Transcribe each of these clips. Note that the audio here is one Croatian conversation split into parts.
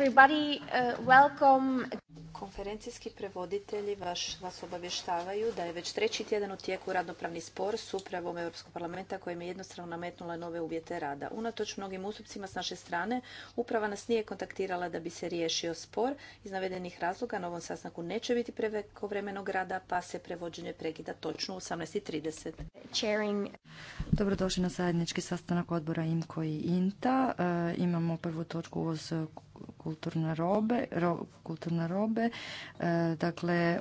everybody. Uh, welcome. Konferencijski prevoditelji vaš, vas obavještavaju da je već treći tjedan u tijeku radnopravni spor s upravom Europskog parlamenta kojim je jednostrano nametnula nove uvjete rada. Unatoč mnogim ustupcima s naše strane, uprava nas nije kontaktirala da bi se riješio spor. Iz navedenih razloga na ovom sastanku neće biti prevekovremenog rada, pa se prevođenje pregida točno u 18.30. dobro Dobrodošli na zajednički sastanak odbora IMKO i INTA. E, imamo prvu točku uz kulturne robe, kulturne robe. E, dakle,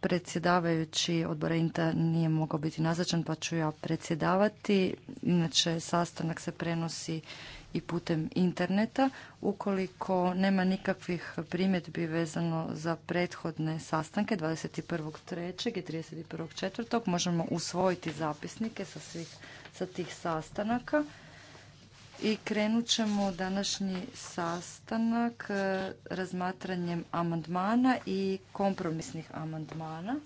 predsjedavajući odbora INTA nije mogao biti nazočan, pa ću ja predsjedavati. Inače, sastanak se prenosi i putem interneta. Ukoliko nema nikakvih primjedbi vezano za prethodne sastanke 21.3. i 31.4. možemo usvojiti zapisnike sa, svih, sa tih sastanaka i krenut ćemo današnji sastanak e, razmatranjem amandmana i kompromisnih amandmana.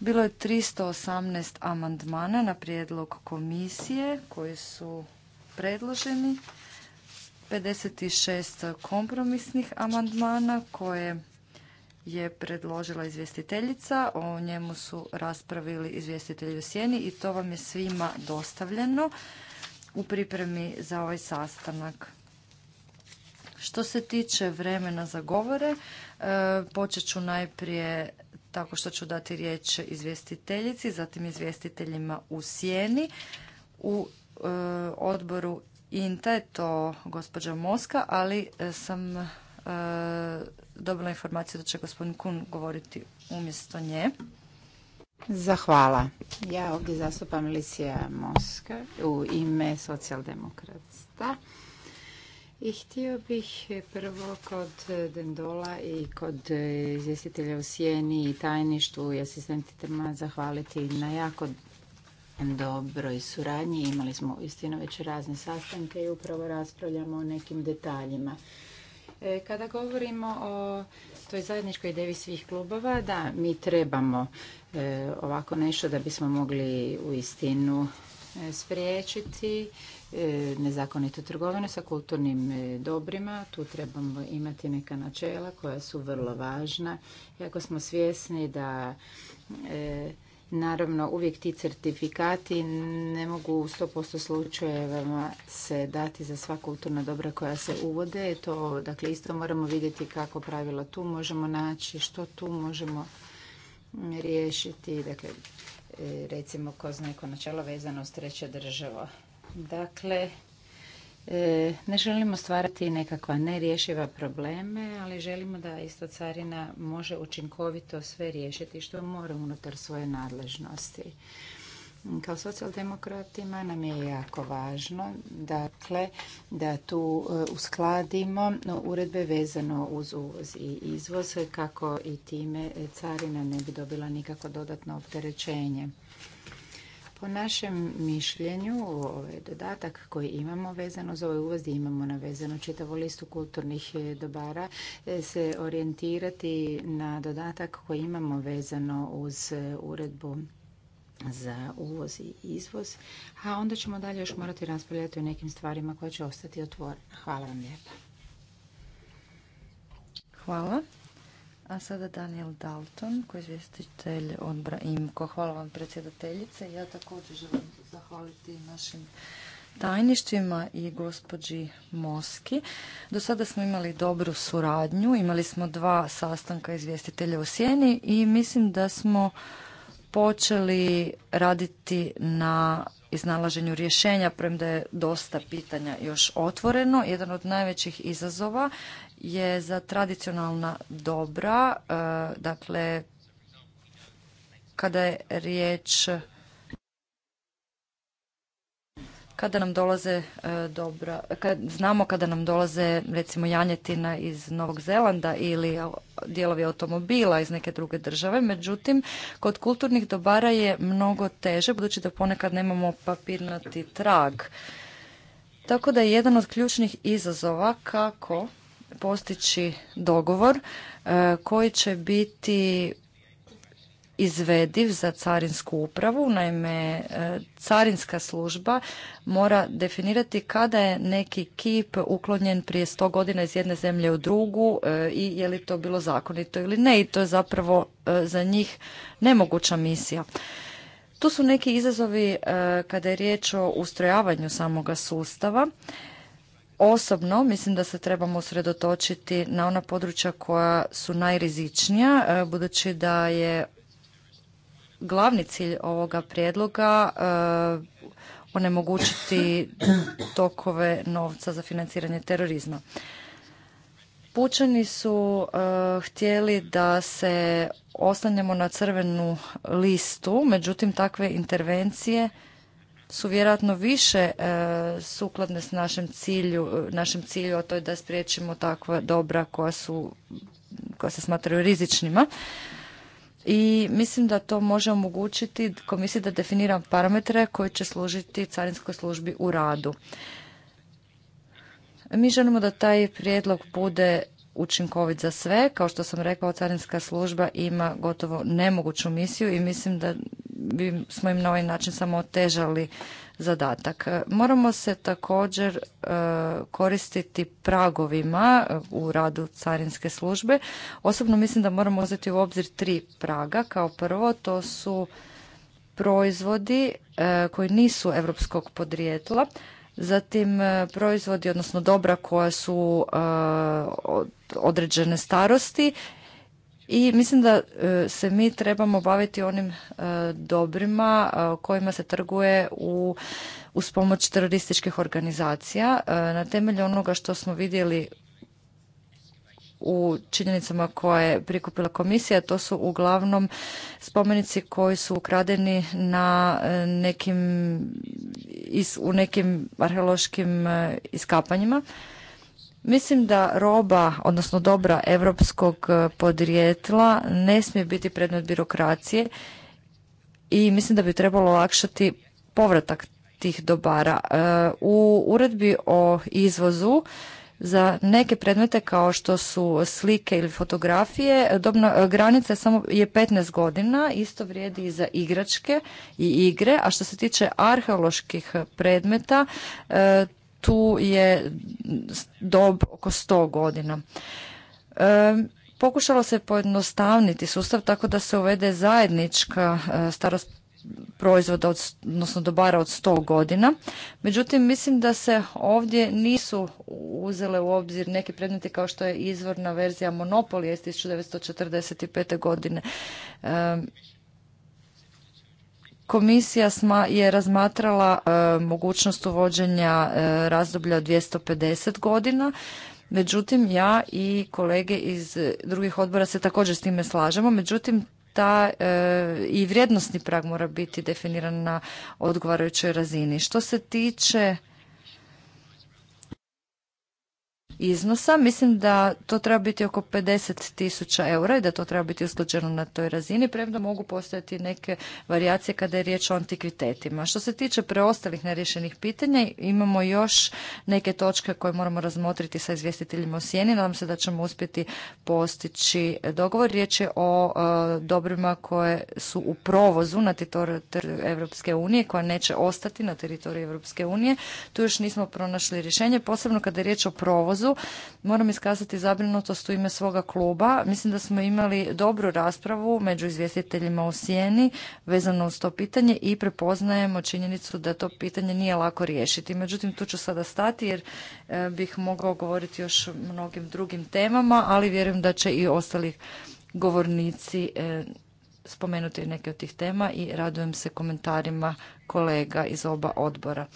Bilo je 318 amandmana na prijedlog komisije koji su predloženi, 56 kompromisnih amandmana koje je predložila izvjestiteljica. O njemu su raspravili izvjestitelji u sjeni i to vam je svima dostavljeno u pripremi za ovaj sastanak. Što se tiče vremena za govore, e, počet ću najprije tako što ću dati riječ izvjestiteljici, zatim izvjestiteljima u sjeni. U e, odboru INTA je to gospođa Moska, ali e, sam E, dobila informaciju da će gospodin Kun govoriti umjesto nje. Zahvala. Ja ovdje zastupam Lisija Moska u ime socijaldemokrata. I htio bih prvo kod Dendola i kod izvjestitelja u Sjeni i tajništvu i asistentitama zahvaliti na jako dobroj suradnji. Imali smo uistinu već razne sastanke i upravo raspravljamo o nekim detaljima. E, kada govorimo o toj zajedničkoj ideji svih klubova, da mi trebamo e, ovako nešto da bismo mogli u istinu e, spriječiti nezakonitu trgovinu sa kulturnim dobrima. Tu trebamo imati neka načela koja su vrlo važna. Iako smo svjesni da Naravno, uvijek ti certifikati ne mogu u 100% slučajevama se dati za sva kulturna dobra koja se uvode. To, dakle, isto moramo vidjeti kako pravilo tu možemo naći, što tu možemo riješiti. Dakle, e, recimo, ko zna neko načelo vezano s treće državo. Dakle, E, ne želimo stvarati nekakva nerješiva probleme, ali želimo da isto carina može učinkovito sve riješiti što mora unutar svoje nadležnosti. Kao socijaldemokratima nam je jako važno dakle, da tu e, uskladimo uredbe vezano uz uvoz i izvoz kako i time carina ne bi dobila nikako dodatno opterećenje. Po našem mišljenju, ovaj dodatak koji imamo vezano za ovaj uvoz imamo na vezano čitavu listu kulturnih e, dobara, e, se orijentirati na dodatak koji imamo vezano uz e, uredbu za uvoz i izvoz, a onda ćemo dalje još morati raspravljati o nekim stvarima koje će ostati otvorene. Hvala vam lijepa. Hvala. A sada Daniel Dalton, koji je izvjestitelj odbra IMKO. Hvala vam predsjedateljice. Ja također želim zahvaliti našim tajništvima i gospođi Moski. Do sada smo imali dobru suradnju, imali smo dva sastanka izvjestitelja u Sjeni i mislim da smo počeli raditi na iznalaženju rješenja, premda je dosta pitanja još otvoreno. Jedan od najvećih izazova je za tradicionalna dobra, e, dakle kada je riječ kada nam dolaze e, dobra, kad znamo kada nam dolaze recimo janjetina iz Novog Zelanda ili dijelovi automobila iz neke druge države, međutim kod kulturnih dobara je mnogo teže budući da ponekad nemamo papirnati trag. Tako da je jedan od ključnih izazova kako postići dogovor e, koji će biti izvediv za carinsku upravu. Naime, e, carinska služba mora definirati kada je neki kip uklonjen prije 100 godina iz jedne zemlje u drugu e, i je li to bilo zakonito ili ne. I to je zapravo za njih nemoguća misija. Tu su neki izazovi kada je riječ o ustrojavanju samoga sustava. Osobno mislim da se trebamo usredotočiti na ona područja koja su najrizičnija, e, budući da je glavni cilj ovoga prijedloga e, onemogućiti tokove novca za financiranje terorizma. Pučani su e, htjeli da se oslanjamo na crvenu listu, međutim takve intervencije su vjerojatno više e, sukladne s našem cilju, našem cilju, a to je da spriječimo takva dobra koja su, koja se smatraju rizičnima. I mislim da to može omogućiti komisiji da definira parametre koji će služiti carinskoj službi u radu. Mi želimo da taj prijedlog bude učinkovit za sve. Kao što sam rekao, carinska služba ima gotovo nemoguću misiju i mislim da Bismo im na ovaj način samo otežali zadatak. Moramo se također e, koristiti pragovima e, u radu carinske službe. Osobno mislim da moramo uzeti u obzir tri praga. Kao prvo to su proizvodi e, koji nisu europskog podrijetla, zatim proizvodi, odnosno dobra koja su određene starosti i mislim da e, se mi trebamo baviti onim e, dobrima e, kojima se trguje u, uz pomoć terorističkih organizacija. Na temelju onoga što smo vidjeli u činjenicama koje je prikupila komisija, to su uglavnom spomenici koji su ukradeni na nekim, u nekim arheološkim iskapanjima. Mislim da roba, odnosno dobra evropskog e, podrijetla ne smije biti predmet birokracije i mislim da bi trebalo olakšati povratak tih dobara. E, u uredbi o izvozu za neke predmete kao što su slike ili fotografije, dobna e, granica je samo je 15 godina, isto vrijedi i za igračke i igre, a što se tiče arheoloških predmeta, tu je dob oko 100 godina. pokušalo se pojednostavniti sustav tako da se uvede zajednička e, starost proizvoda, odnosno dobara od 100 godina. Međutim, mislim da se ovdje nisu uzele u obzir neki predmeti kao što je izvorna verzija monopolije iz 1945. godine. Komisija je razmatrala e, mogućnost uvođenja e, razdoblja od 250 godina. Međutim, ja i kolege iz drugih odbora se također s time slažemo. Međutim, ta e, i vrijednostni prag mora biti definiran na odgovarajućoj razini. Što se tiče iznosa. Mislim da to treba biti oko 50 tisuća eura i da to treba biti usklađeno na toj razini, premda mogu postojati neke varijacije kada je riječ o antikvitetima. Što se tiče preostalih nerješenih pitanja, imamo još neke točke koje moramo razmotriti sa izvjestiteljima o Sjeni. Nadam se da ćemo uspjeti postići dogovor. Riječ je o e, dobrima koje su u provozu na teritoriju Europske unije, koja neće ostati na teritoriju Europske unije. Tu još nismo pronašli rješenje, posebno kada je riječ o provozu Moram iskazati zabrinutost u ime svoga kluba. Mislim da smo imali dobru raspravu među izvjestiteljima u Sijeni vezano uz to pitanje i prepoznajemo činjenicu da to pitanje nije lako riješiti. Međutim, tu ću sada stati jer e, bih mogao govoriti još mnogim drugim temama, ali vjerujem da će i ostali govornici e, spomenuti neke od tih tema i radujem se komentarima kolega iz oba odbora.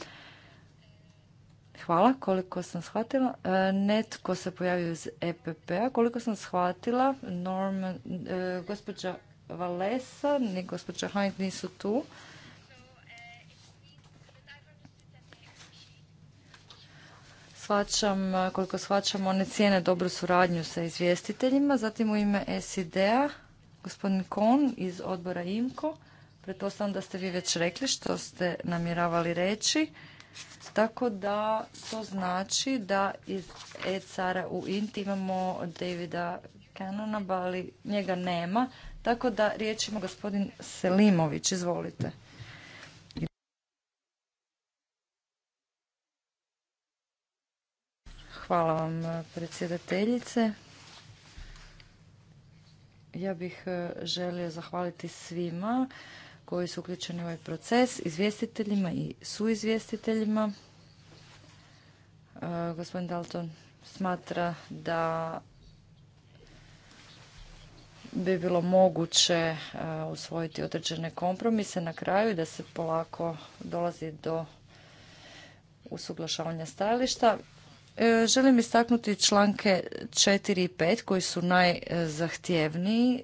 Hvala, koliko sam shvatila. E, netko se pojavio iz EPP-a. Koliko sam shvatila, Norman, e, gospođa Valesa ni gospođa Hajt nisu tu. Shvaćam, koliko shvaćam, one cijene dobru suradnju sa izvjestiteljima. Zatim u ime SID-a, gospodin Kon iz odbora IMKO. Pretpostavljam da ste vi već rekli što ste namjeravali reći. Tako da to znači da iz e u Inti imamo Davida Canona, ali njega nema. Tako da riječ gospodin Selimović, izvolite. Hvala vam predsjedateljice. Ja bih eh, želio zahvaliti svima koji su uključeni u ovaj proces, izvjestiteljima i suizvjestiteljima. E, gospodin Dalton smatra da bi bilo moguće e, usvojiti određene kompromise na kraju i da se polako dolazi do usuglašavanja stajališta. E, želim istaknuti članke 4 i 5 koji su najzahtjevniji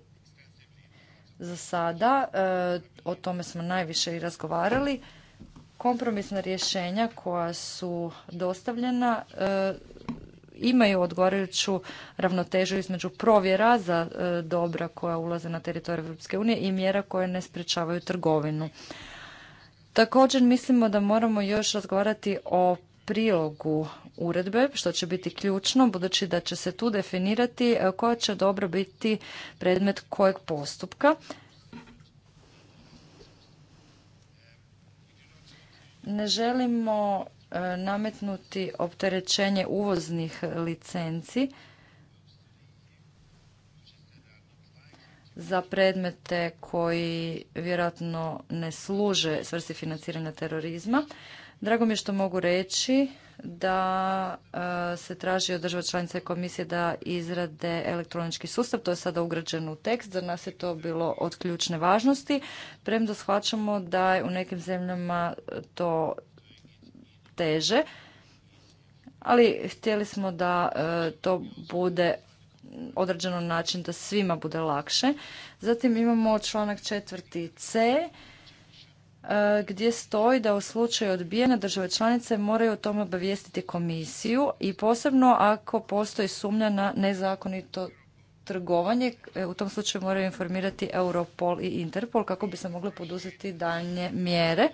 za sada, e, o tome smo najviše i razgovarali. Kompromisna rješenja koja su dostavljena e, imaju odgovarajuću ravnotežu između provjera za e, dobra koja ulaze na teritoriju Europske unije i mjera koje ne sprečavaju trgovinu. Također mislimo da moramo još razgovarati o prilogu uredbe, što će biti ključno, budući da će se tu definirati e, koja će dobro biti predmet kojeg postupka. Ne želimo e, nametnuti opterećenje uvoznih licenci za predmete koji vjerojatno ne služe svrsi financiranja terorizma. Drago mi je što mogu reći da e, se traži od država članica komisije da izrade elektronički sustav. To je sada ugrađeno u tekst. Za nas je to bilo od ključne važnosti. Premda shvaćamo da je u nekim zemljama to teže. Ali htjeli smo da e, to bude određeno način da svima bude lakše. Zatim imamo članak četvrti C e, gdje stoji da u slučaju odbijene države članice moraju o tome obavijestiti komisiju i posebno ako postoji sumnja na nezakonito trgovanje, e, u tom slučaju moraju informirati Europol i Interpol kako bi se mogle poduzeti daljnje mjere.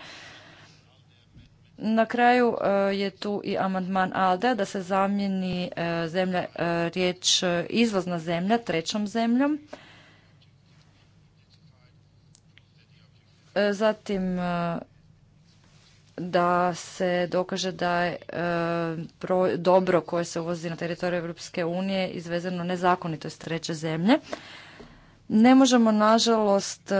Na kraju e, je tu i amandman ALDE da se zamijeni e, zemlja, e, riječ izvozna zemlja trećom zemljom. Zatim da se dokaže da je dobro koje se uvozi na teritoriju Europske unije izvezeno nezakonito iz treće zemlje. Ne možemo nažalost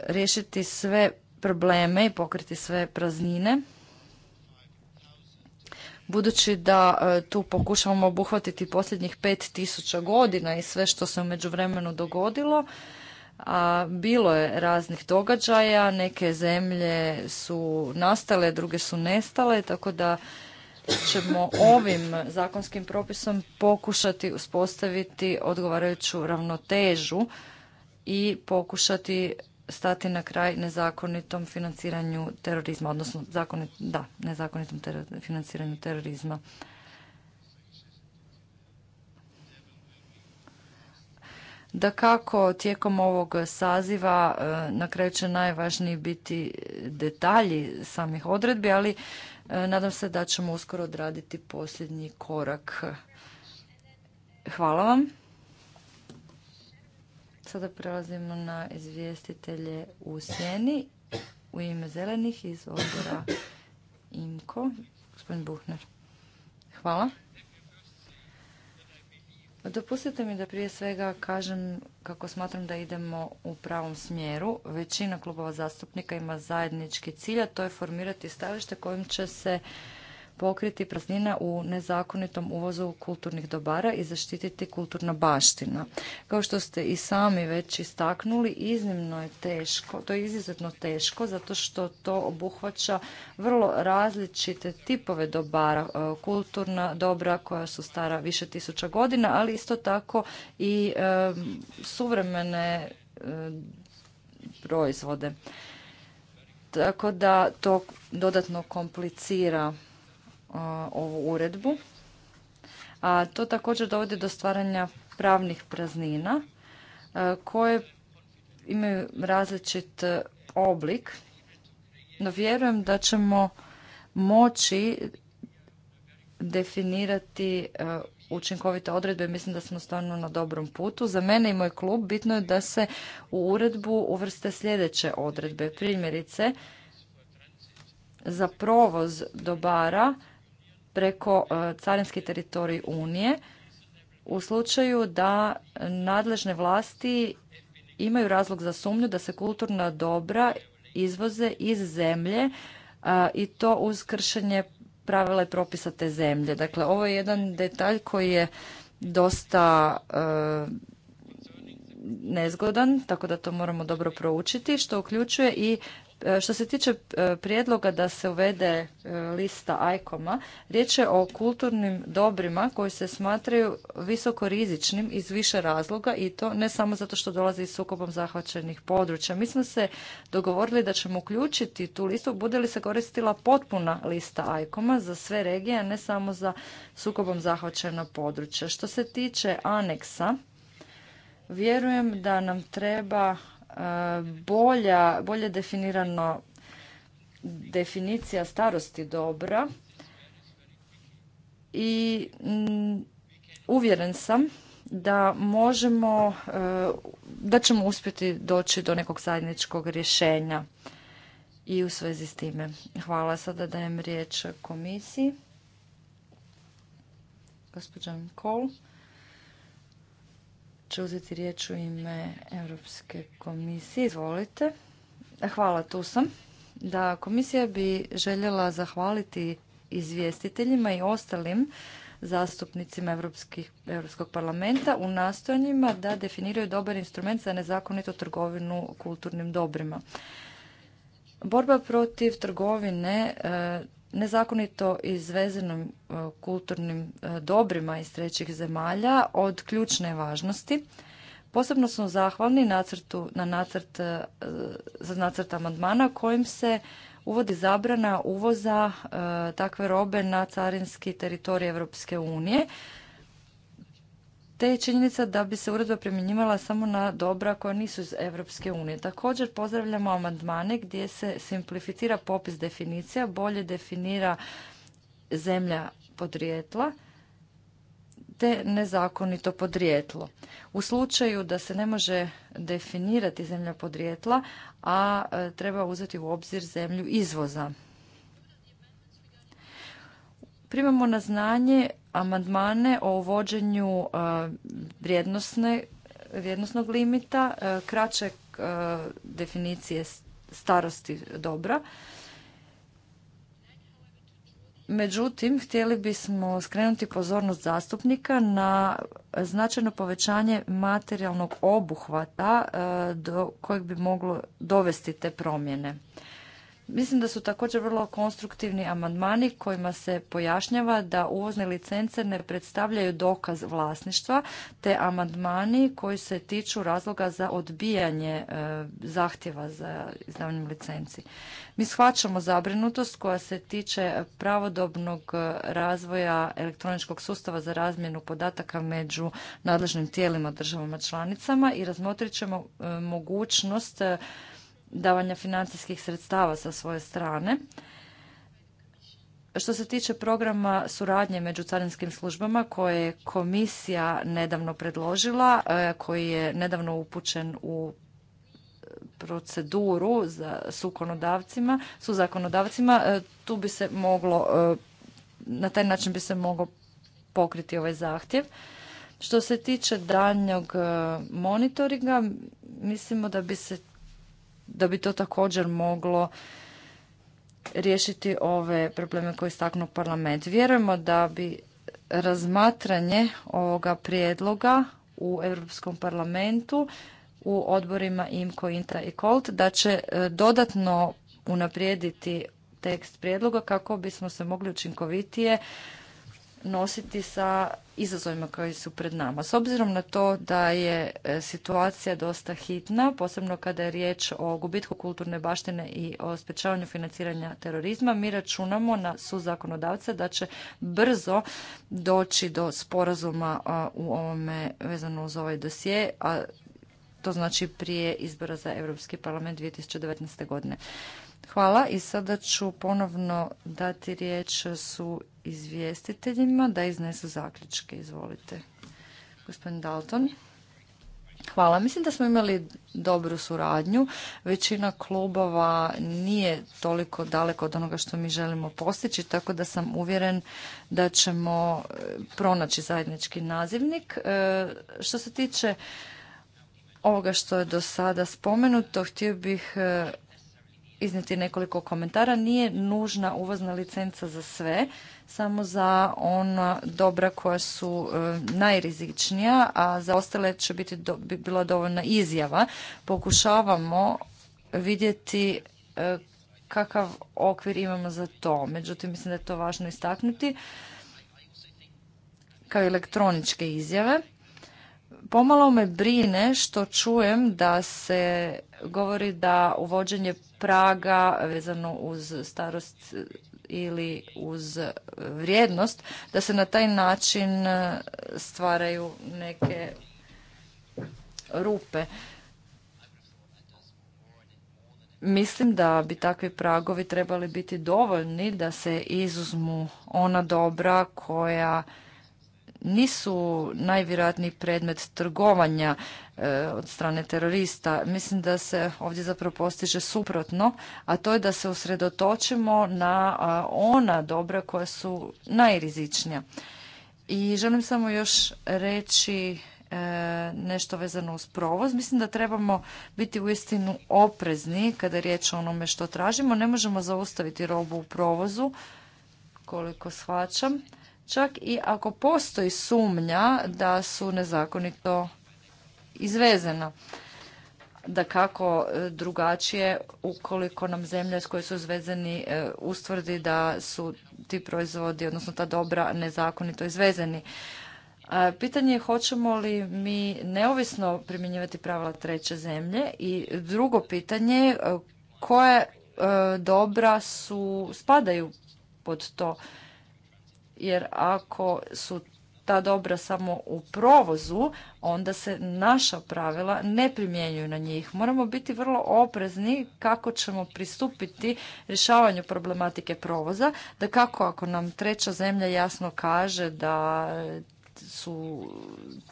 riješiti sve probleme i pokriti sve praznine. Budući da e, tu pokušavamo obuhvatiti posljednjih tisuća godina i sve što se u vremenu dogodilo, a bilo je raznih događaja, neke zemlje su nastale, druge su nestale, tako da ćemo ovim zakonskim propisom pokušati uspostaviti odgovarajuću ravnotežu i pokušati stati na kraj nezakonitom financiranju terorizma, odnosno zakonit, da, nezakonitom financiranju terorizma. Da kako tijekom ovog saziva e, na kraju će najvažniji biti detalji samih odredbi, ali e, nadam se da ćemo uskoro odraditi posljednji korak. Hvala vam. Sada prelazimo na izvjestitelje u sjeni u ime zelenih iz odbora IMKO. Gospodin Buhner. Hvala. Pa dopustite mi da prije svega kažem kako smatram da idemo u pravom smjeru. Većina klubova zastupnika ima zajednički cilj, a to je formirati stavište kojim će se pokriti praznina u nezakonitom uvozu kulturnih dobara i zaštititi kulturna baština. Kao što ste i sami već istaknuli, iznimno je teško, to je izuzetno teško zato što to obuhvaća vrlo različite tipove dobara, e, kulturna dobra koja su stara više tisuća godina, ali isto tako i e, suvremene e, proizvode. Tako da to dodatno komplicira ovu uredbu. A to također dovodi do stvaranja pravnih praznina koje imaju različit e, oblik. No vjerujem da ćemo moći definirati e, učinkovite odredbe, mislim da smo stvarno na dobrom putu. Za mene i moj klub bitno je da se u uredbu uvrste sljedeće odredbe. Primjerice, za provoz dobara preko e, carinski teritorij Unije u slučaju da nadležne vlasti imaju razlog za sumnju da se kulturna dobra izvoze iz zemlje e, i to uz kršenje pravila i propisa te zemlje. Dakle, ovo je jedan detalj koji je dosta e, nezgodan, tako da to moramo dobro proučiti, što uključuje i E, što se tiče e, prijedloga da se uvede e, lista ICOM-a, riječ je o kulturnim dobrima koji se smatraju rizičnim iz više razloga i to ne samo zato što dolazi iz sukobom zahvaćenih područja. Mi smo se dogovorili da ćemo uključiti tu listu, bude li se koristila potpuna lista ICOM-a za sve regije, a ne samo za sukobom zahvaćena područja. Što se tiče aneksa, vjerujem da nam treba bolja, bolje definirano, definicija starosti dobra i mm, uvjeren sam da možemo, e, da ćemo uspjeti doći do nekog zajedničkog rješenja i u svezi s time. Hvala sada dajem riječ komisiji. Gospođan Kol će uzeti riječ u ime Europske komisije. Izvolite. Hvala, tu sam. Da, komisija bi željela zahvaliti izvjestiteljima i ostalim zastupnicima Europskog parlamenta u nastojanjima da definiraju dobar instrument za nezakonitu trgovinu kulturnim dobrima. Borba protiv trgovine e, nezakonito izvezenim e, kulturnim e, dobrima iz trećih zemalja od ključne važnosti. Posebno smo zahvalni nacrtu, na nacrt, e, za nacrt amandmana kojim se uvodi zabrana uvoza takve robe na carinski teritorij Europske unije te je činjenica da bi se uredba primjenjivala samo na dobra koja nisu iz Europske unije. Također pozdravljamo amandmane gdje se simplificira popis definicija, bolje definira zemlja podrijetla te nezakonito podrijetlo. U slučaju da se ne može definirati zemlja podrijetla, a e, treba uzeti u obzir zemlju izvoza. Primamo na znanje amandmane o uvođenju e, vrijednosne, vrijednosnog limita, e, kraće e, definicije starosti dobra. Međutim, htjeli bismo skrenuti pozornost zastupnika na značajno povećanje materijalnog obuhvata do kojeg bi moglo dovesti te promjene. Mislim da su također vrlo konstruktivni amandmani kojima se pojašnjava da uvozne licence ne predstavljaju dokaz vlasništva, te amandmani koji se tiču razloga za odbijanje e, zahtjeva za izdavanjem licenci. Mi shvaćamo zabrinutost koja se tiče pravodobnog razvoja elektroničkog sustava za razmjenu podataka među nadležnim tijelima državama članicama i razmotrit ćemo e, mogućnost davanja financijskih sredstava sa svoje strane. Što se tiče programa suradnje među carinskim službama koje je komisija nedavno predložila, e, koji je nedavno upućen u proceduru za sukonodavcima, zakonodavcima, e, tu bi se moglo, e, na taj način bi se moglo pokriti ovaj zahtjev. Što se tiče danjog monitoringa, mislimo da bi se da bi to također moglo riješiti ove probleme koje istaknu parlament. Vjerujemo da bi razmatranje ovoga prijedloga u Europskom parlamentu u odborima IMCO, INTA i COLT da će e, dodatno unaprijediti tekst prijedloga kako bismo se mogli učinkovitije nositi sa izazovima koji su pred nama. S obzirom na to da je e, situacija dosta hitna, posebno kada je riječ o gubitku kulturne baštine i o sprečavanju financiranja terorizma, mi računamo na zakonodavca da će brzo doći do sporazuma u ovome vezano uz ovaj dosje, a to znači prije izbora za Europski parlament 2019. godine. Hvala i sada ću ponovno dati riječ su izvjestiteljima da iznesu zaključke. Izvolite. Gospodin Dalton. Hvala. Mislim da smo imali dobru suradnju. Većina klubova nije toliko daleko od onoga što mi želimo postići, tako da sam uvjeren da ćemo e, pronaći zajednički nazivnik. E, što se tiče ovoga što je do sada spomenuto, htio bih e, iznijeti nekoliko komentara. Nije nužna uvozna licenca za sve, samo za ona dobra koja su e, najrizičnija, a za ostale će biti bila dovoljna izjava. Pokušavamo vidjeti e, kakav okvir imamo za to. Međutim, mislim da je to važno istaknuti kao elektroničke izjave. Pomalo me brine što čujem da se govori da uvođenje praga vezano uz starost ili uz vrijednost, da se na taj način e, stvaraju neke rupe. Mislim da bi takvi pragovi trebali biti dovoljni da se izuzmu ona dobra koja nisu najvjerojatniji predmet trgovanja e, od strane terorista. Mislim da se ovdje zapravo postiže suprotno, a to je da se usredotočimo na ona dobra koja su najrizičnija. I želim samo još reći e, nešto vezano uz provoz. Mislim da trebamo biti uistinu oprezni kada je riječ o onome što tražimo. Ne možemo zaustaviti robu u provozu, koliko shvaćam čak i ako postoji sumnja da su nezakonito izvezena. Da kako e, drugačije ukoliko nam zemlja s koje su izvezeni e, ustvrdi da su ti proizvodi, odnosno ta dobra nezakonito izvezeni. E, pitanje je hoćemo li mi neovisno primjenjivati pravila treće zemlje i drugo pitanje koje dobra su, spadaju pod to jer ako su ta dobra samo u provozu, onda se naša pravila ne primjenjuju na njih. Moramo biti vrlo oprezni kako ćemo pristupiti rješavanju problematike provoza, da kako ako nam treća zemlja jasno kaže da su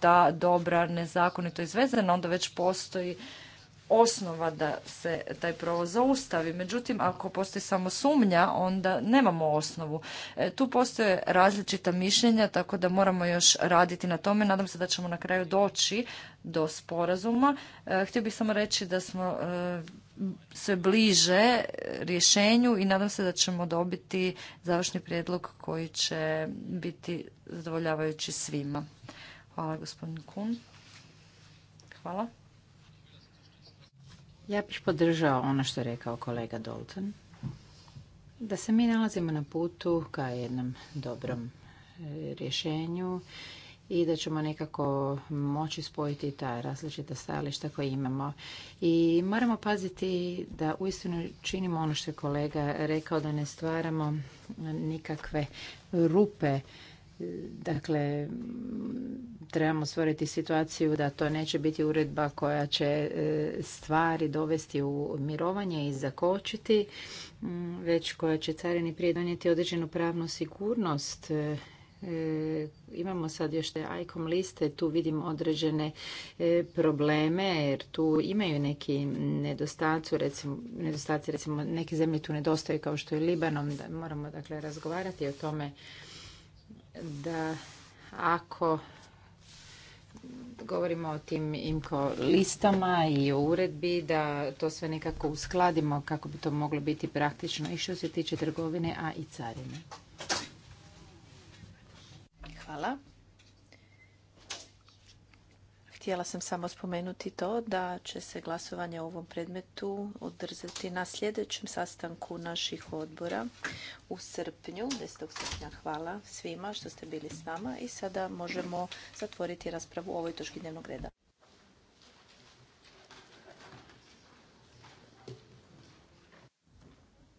ta dobra nezakonito izvezena, onda već postoji osnova da se taj provoz zaustavi. Međutim, ako postoji samo sumnja, onda nemamo osnovu. E, tu postoje različita mišljenja, tako da moramo još raditi na tome. Nadam se da ćemo na kraju doći do sporazuma. E, htio bih samo reći da smo e, sve bliže rješenju i nadam se da ćemo dobiti završni prijedlog koji će biti zadovoljavajući svima. Hvala gospodin Kun. Hvala. Ja bih podržao ono što je rekao kolega Dolton. Da se mi nalazimo na putu ka jednom dobrom e, rješenju i da ćemo nekako moći spojiti ta različita stajališta koje imamo. I moramo paziti da uistinu činimo ono što je kolega rekao, da ne stvaramo nikakve rupe Dakle, trebamo stvoriti situaciju da to neće biti uredba koja će e, stvari dovesti u mirovanje i zakočiti, mm, već koja će carini prije donijeti određenu pravnu sigurnost e, imamo sad još te ICOM liste, tu vidim određene e, probleme jer tu imaju neki nedostaci, recimo, nedostaci, recimo neke zemlje tu nedostaju kao što je Libanon, moramo dakle razgovarati o tome da ako govorimo o tim imko listama i o uredbi, da to sve nekako uskladimo kako bi to moglo biti praktično i što se tiče trgovine, a i carine. Hvala. Htjela sam samo spomenuti to da će se glasovanje o ovom predmetu održati na sljedećem sastanku naših odbora u srpnju, 10. srpnja. Hvala svima što ste bili s nama i sada možemo zatvoriti raspravu o ovoj točki dnevnog reda.